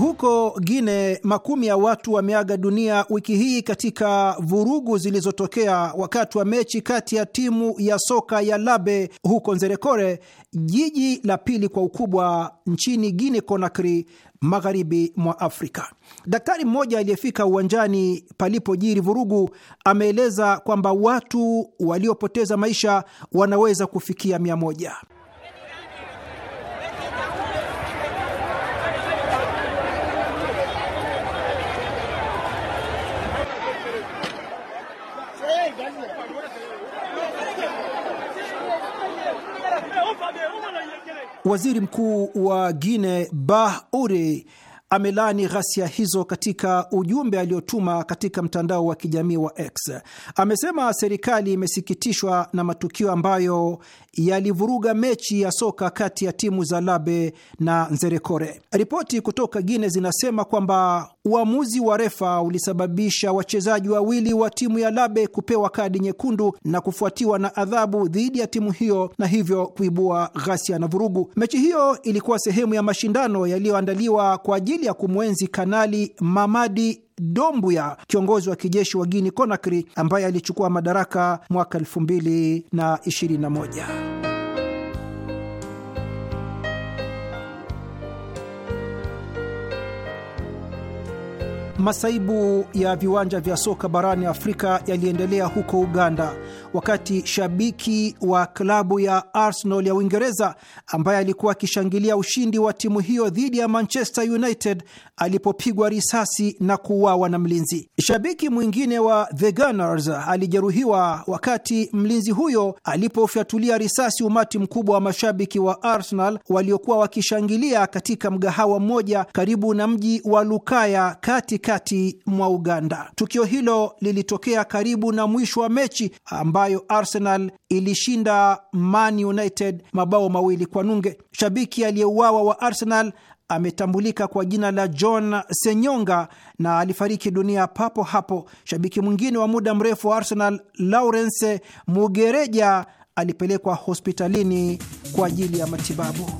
Huko Gine makumi ya watu wameaga dunia wiki hii katika vurugu zilizotokea wakati wa mechi kati ya timu ya soka ya Labe huko Nzerekore, jiji la pili kwa ukubwa nchini guine conakry magharibi mwa Afrika. Daktari mmoja aliyefika uwanjani palipojiri vurugu ameeleza kwamba watu waliopoteza maisha wanaweza kufikia mia moja. Waziri Mkuu wa Guine Bah Oure amelaani ghasia hizo katika ujumbe aliotuma katika mtandao wa kijamii wa X. Amesema serikali imesikitishwa na matukio ambayo yalivuruga mechi ya soka kati ya timu za Labe na Nzerekore. Ripoti kutoka guine zinasema kwamba uamuzi wa refa ulisababisha wachezaji wawili wa timu ya Labe kupewa kadi nyekundu na kufuatiwa na adhabu dhidi ya timu hiyo na hivyo kuibua ghasia na vurugu. Mechi hiyo ilikuwa sehemu ya mashindano yaliyoandaliwa kwa ajili ajili ya kumwenzi Kanali Mamadi Doumbouya, kiongozi wa kijeshi wa guini Conakry ambaye alichukua madaraka mwaka 2021. Masaibu ya viwanja vya soka barani Afrika yaliendelea huko Uganda wakati shabiki wa klabu ya Arsenal ya Uingereza ambaye alikuwa akishangilia ushindi wa timu hiyo dhidi ya Manchester United alipopigwa risasi na kuuawa na mlinzi. Shabiki mwingine wa The Gunners alijeruhiwa wakati mlinzi huyo alipofyatulia risasi umati mkubwa wa mashabiki wa Arsenal waliokuwa wakishangilia katika mgahawa mmoja karibu na mji wa Lukaya katikati mwa Uganda. Tukio hilo lilitokea karibu na mwisho wa mechi amba ambayo Arsenal ilishinda Man United mabao mawili kwa nunge. Shabiki aliyeuawa wa Arsenal ametambulika kwa jina la John Senyonga na alifariki dunia papo hapo. Shabiki mwingine wa muda mrefu wa Arsenal, Lawrence Mugereja, alipelekwa hospitalini kwa ajili ya matibabu.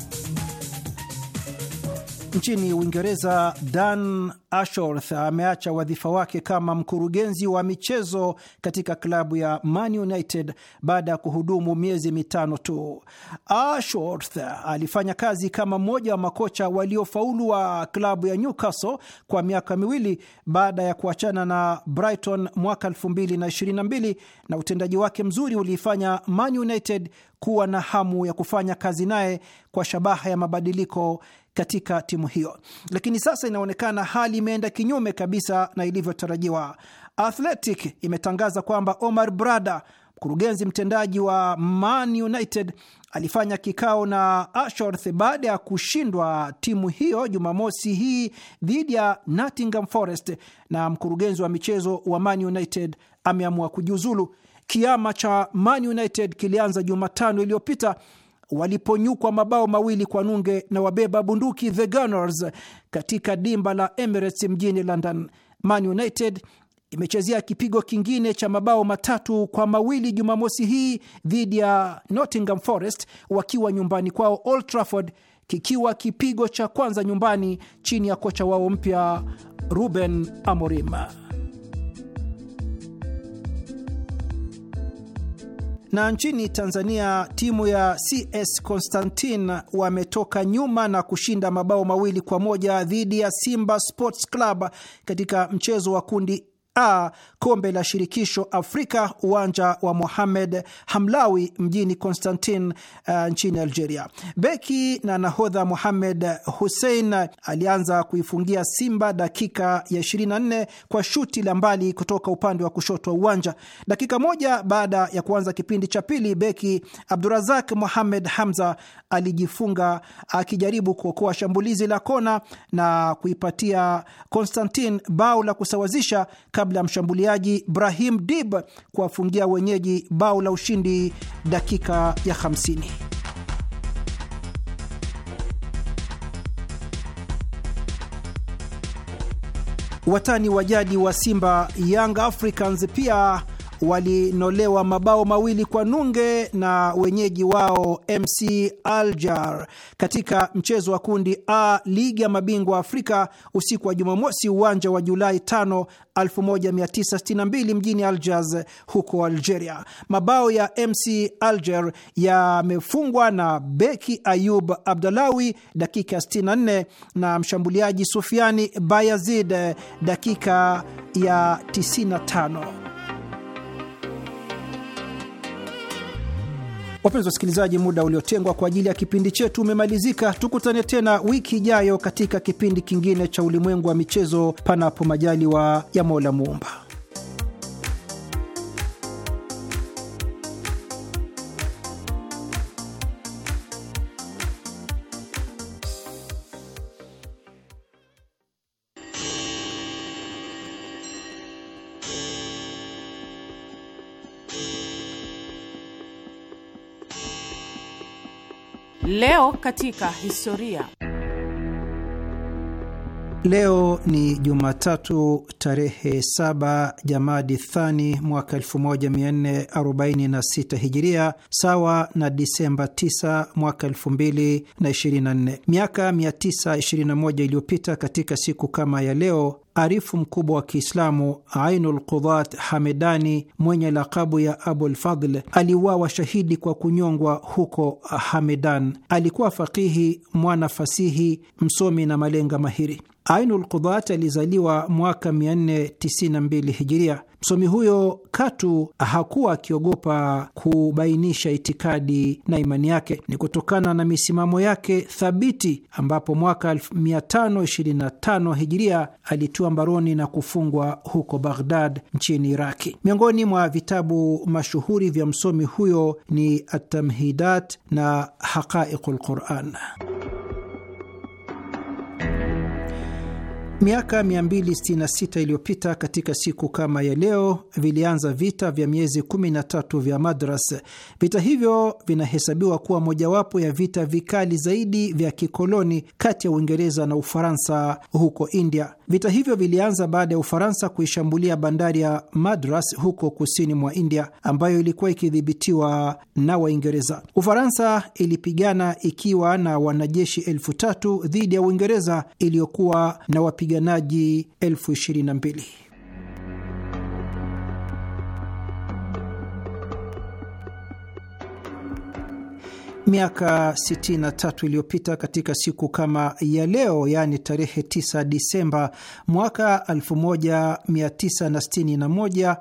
Nchini Uingereza, Dan Ashworth ameacha wadhifa wake kama mkurugenzi wa michezo katika klabu ya Man United baada ya kuhudumu miezi mitano tu. Ashworth alifanya kazi kama mmoja wa makocha waliofaulu wa klabu ya Newcastle kwa miaka miwili baada ya kuachana na Brighton mwaka 2022 na utendaji wake mzuri uliifanya Man United kuwa na hamu ya kufanya kazi naye kwa shabaha ya mabadiliko katika timu hiyo, lakini sasa inaonekana hali imeenda kinyume kabisa na ilivyotarajiwa. Athletic imetangaza kwamba Omar Brada, mkurugenzi mtendaji wa Man United, alifanya kikao na Ashworth baada ya kushindwa timu hiyo Jumamosi hii dhidi ya Nottingham Forest, na mkurugenzi wa michezo wa Man United ameamua kujiuzulu. Kiama cha Man United kilianza Jumatano iliyopita waliponyukwa mabao mawili kwa nunge na wabeba bunduki The Gunners katika dimba la Emirates mjini London. Man United imechezea kipigo kingine cha mabao matatu kwa mawili Jumamosi hii dhidi ya Nottingham Forest wakiwa nyumbani kwao Old Trafford, kikiwa kipigo cha kwanza nyumbani chini ya kocha wao mpya Ruben Amorim. Na nchini Tanzania timu ya CS Constantine wametoka nyuma na kushinda mabao mawili kwa moja dhidi ya Simba Sports Club katika mchezo wa kundi A kombe la shirikisho Afrika, uwanja wa Mohamed Hamlawi mjini Constantine, uh, nchini Algeria. Beki na nahodha Mohamed Hussein alianza kuifungia Simba dakika ya 24 kwa shuti la mbali kutoka upande wa kushoto wa uwanja. Dakika moja baada ya kuanza kipindi cha pili, beki Abdurazak Mohamed Hamza alijifunga akijaribu kuokoa shambulizi la kona na kuipatia Constantine bao la kusawazisha kabla ya mshambuliaji mshambuliaji Brahim Dib kuwafungia wenyeji bao la ushindi dakika ya 50. Watani wa jadi wa Simba Young Africans pia walinolewa mabao mawili kwa nunge na wenyeji wao MC Aljar katika mchezo wa kundi A ligi ya mabingwa Afrika usiku wa Jumamosi, uwanja wa Julai 5, 1962 mjini Algiers huko Algeria. Mabao ya MC Alger yamefungwa na beki Ayub Abdalawi dakika 64 na mshambuliaji Sufiani Bayazid dakika ya 95. Wapenzi wasikilizaji, muda uliotengwa kwa ajili ya kipindi chetu umemalizika. Tukutane tena wiki ijayo katika kipindi kingine cha Ulimwengu wa Michezo, panapo majaliwa ya Mola Muumba. Leo katika historia. Leo ni Jumatatu tarehe saba Jamadi Thani mwaka 1446 Hijiria, sawa na Disemba 9 mwaka 2024. Miaka 921 iliyopita katika siku kama ya leo arifu mkubwa wa Kiislamu Ainul Qudhat Hamedani mwenye lakabu ya Abulfadl aliuawa shahidi kwa kunyongwa huko Hamedan. Alikuwa fakihi, mwana fasihi, msomi na malenga mahiri. Ainul Qudhat alizaliwa mwaka 492 hijiria Msomi huyo katu hakuwa akiogopa kubainisha itikadi na imani yake. Ni kutokana na misimamo yake thabiti, ambapo mwaka 525 hijiria alitiwa mbaroni na kufungwa huko Baghdad nchini Iraki. Miongoni mwa vitabu mashuhuri vya msomi huyo ni Atamhidat na Haqaiqul lquran. Miaka 266 iliyopita katika siku kama ya leo vilianza vita vya miezi 13 vya Madras. Vita hivyo vinahesabiwa kuwa mojawapo ya vita vikali zaidi vya kikoloni kati ya Uingereza na Ufaransa huko India. Vita hivyo vilianza baada ya Ufaransa kuishambulia bandari ya Madras huko kusini mwa India, ambayo ilikuwa ikidhibitiwa na Waingereza. Ufaransa ilipigana ikiwa na wanajeshi elfu tatu dhidi ya Uingereza iliyokuwa na wapiga wapiganaji elfu ishirini na mbili. Miaka 63 iliyopita katika siku kama ya leo, yaani tarehe 9 Disemba mwaka 1961,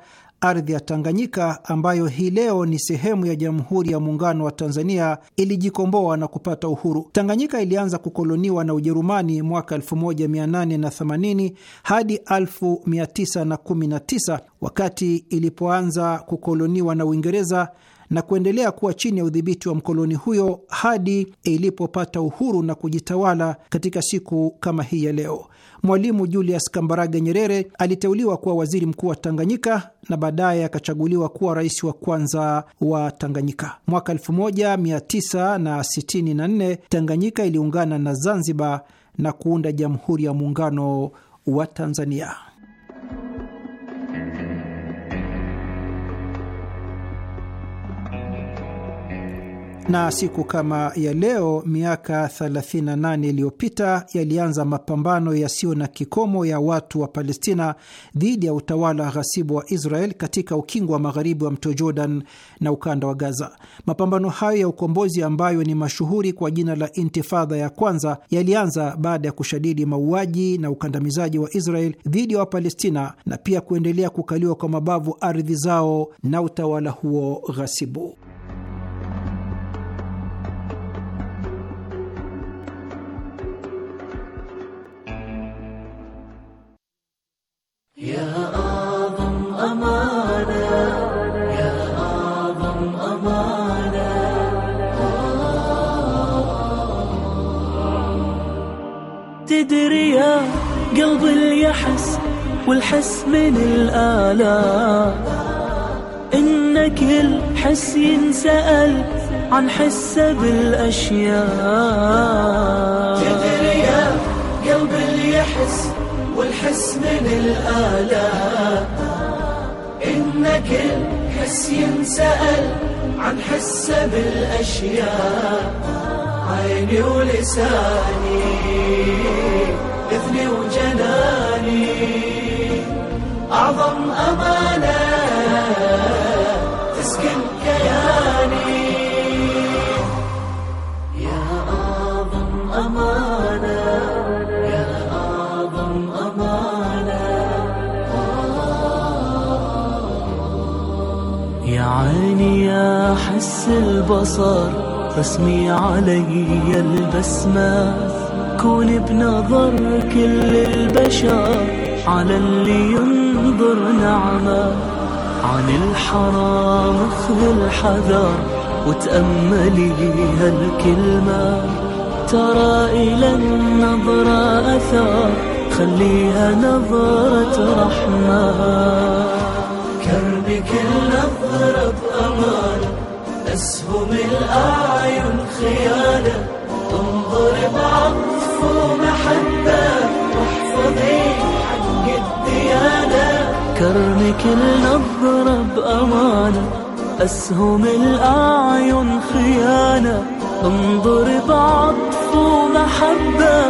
Ardhi ya Tanganyika ambayo hii leo ni sehemu ya Jamhuri ya Muungano wa Tanzania ilijikomboa na kupata uhuru. Tanganyika ilianza kukoloniwa na Ujerumani mwaka 1880 hadi 1919 wakati ilipoanza kukoloniwa na Uingereza na kuendelea kuwa chini ya udhibiti wa mkoloni huyo hadi ilipopata uhuru na kujitawala katika siku kama hii ya leo. Mwalimu Julius Kambarage Nyerere aliteuliwa kuwa waziri mkuu wa Tanganyika na baadaye akachaguliwa kuwa rais wa kwanza wa Tanganyika. Mwaka 1964 Tanganyika iliungana na Zanzibar na kuunda Jamhuri ya Muungano wa Tanzania. na siku kama ya leo miaka 38 iliyopita yalianza mapambano yasiyo na kikomo ya watu wa Palestina dhidi ya utawala ghasibu wa Israel katika ukingo wa magharibi wa mto Jordan na ukanda wa Gaza. Mapambano hayo ya ukombozi ambayo ni mashuhuri kwa jina la Intifadha ya kwanza yalianza baada ya kushadidi mauaji na ukandamizaji wa Israel dhidi ya Wapalestina na pia kuendelea kukaliwa kwa mabavu ardhi zao na utawala huo ghasibu. يا أعظم أمانة يا أعظم أمانة تدري يا قلبي اليحس والحس من الآلام إن كل حس ينسأل عن حسه بالأشياء تدري يا قلبي اليحس والحس من الآلام كل حس ينسأل عن حسه بالأشياء عيني ولساني إذني وجناني أعظم أمانة أحس البصر رسمي علي البسمة كون بنظر كل البشر على اللي ينظر نعمة عن الحرام اخذ الحذر وتأملي هالكلمة ترى إلى النظرة أثر خليها نظرة رحمة كلنا نظرة أمانة أسهم الأعين خيانة انظر بعطف ومحبة واحفظي حق الديانة كرم كلنا الضرب أمانة أسهم الأعين خيانة انظر بعطف ومحبة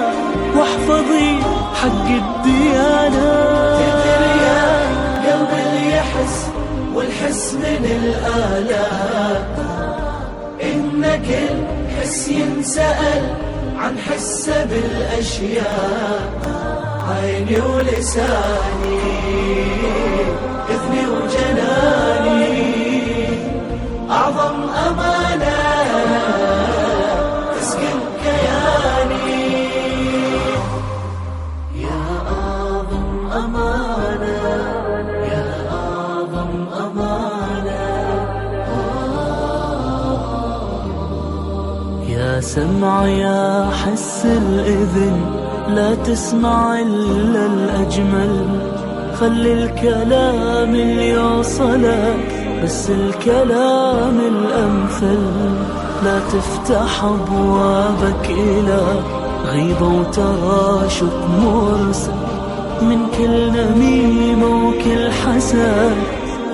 واحفظي حق الديانة تدري يا قلبي اللي يحس والحس من الآلام إن كل حس ينسأل عن حسه بالأشياء عيني ولساني إذني وجناني أعظم أمانة سمع يا حس الإذن لا تسمع إلا الأجمل خلي الكلام اللي يوصلك بس الكلام الأمثل لا تفتح أبوابك إلى غيبة وتراشق مرسل من كل نميمة وكل حسد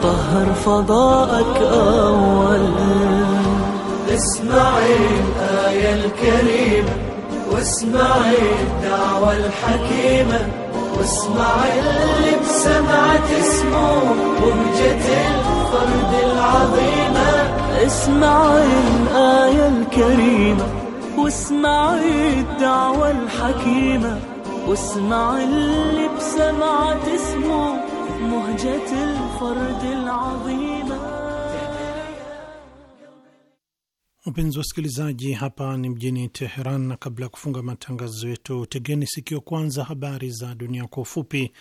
طهر فضاءك أول اسمعي يا الكريمة واسمعي الدعوة الحكيمة واسمعي اللي بسمعة اسمه بهجة الفرد العظيمة اسمعي الآية الكريمة واسمعي الدعوة الحكيمة واسمع اللي بسمعة اسمه مهجة الفرد العظيم mpenzi wa wasikilizaji, hapa ni mjini Teheran, na kabla ya kufunga matangazo yetu, tegeni sikio kwanza habari za dunia kwa ufupi.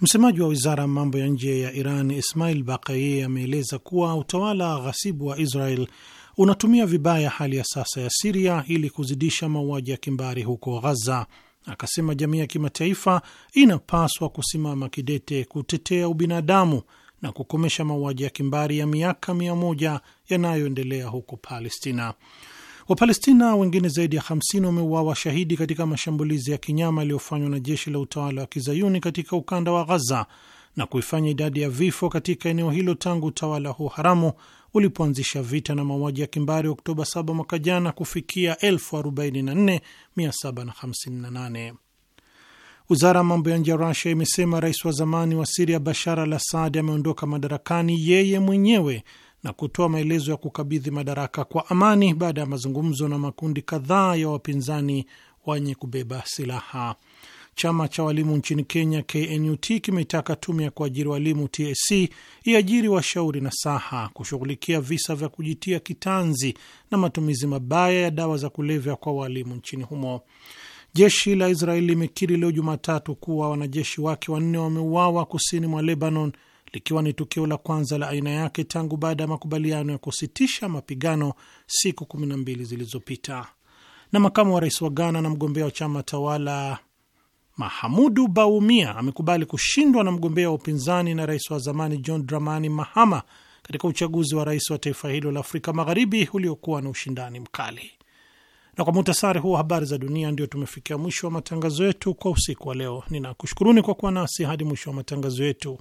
Msemaji wa wizara ya mambo ya nje ya Iran Ismail Bakai ameeleza kuwa utawala ghasibu wa Israel unatumia vibaya hali ya sasa ya Siria ili kuzidisha mauaji ya kimbari huko Ghaza. Akasema jamii ya kimataifa inapaswa kusimama kidete kutetea ubinadamu na kukomesha mauaji ya kimbari ya miaka mia moja yanayoendelea huko Palestina. Wapalestina wengine zaidi ya 50 wameuawa shahidi katika mashambulizi ya kinyama yaliyofanywa na jeshi la utawala wa kizayuni katika ukanda wa Ghaza na kuifanya idadi ya vifo katika eneo hilo tangu utawala huu haramu ulipoanzisha vita na mauaji ya kimbari Oktoba 7 mwaka jana kufikia 44758. Wizara ya mambo ya nje ya Rusia imesema rais wa zamani wa Siria Bashar al Assad ameondoka madarakani yeye mwenyewe na kutoa maelezo ya kukabidhi madaraka kwa amani baada ya mazungumzo na makundi kadhaa ya wapinzani wenye kubeba silaha. Chama cha walimu nchini Kenya, KNUT, kimeitaka tume ya kuajiri walimu TSC iajiri washauri na saha kushughulikia visa vya kujitia kitanzi na matumizi mabaya ya dawa za kulevya kwa walimu nchini humo. Jeshi la Israeli limekiri leo Jumatatu kuwa wanajeshi wake wanne wameuawa kusini mwa Lebanon likiwa ni tukio la kwanza la aina yake tangu baada ya makubaliano ya kusitisha mapigano siku 12 zilizopita. Na makamu wa rais wa Ghana na mgombea wa chama tawala Mahamudu Baumia amekubali kushindwa na mgombea wa upinzani na rais wa zamani John Dramani Mahama katika uchaguzi wa rais wa taifa hilo la Afrika Magharibi uliokuwa na ushindani mkali. Na kwa muhtasari huu wa habari za dunia, ndio tumefikia mwisho wa matangazo yetu kwa usiku wa leo. Ninakushukuruni kwa kuwa nasi hadi mwisho wa matangazo yetu.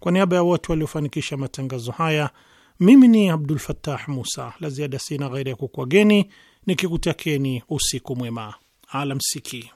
Kwa niaba ya wote waliofanikisha matangazo haya, mimi ni Abdul Fattah Musa. La ziada sina ghairi ya kukwageni nikikutakeni usiku mwema, alamsiki.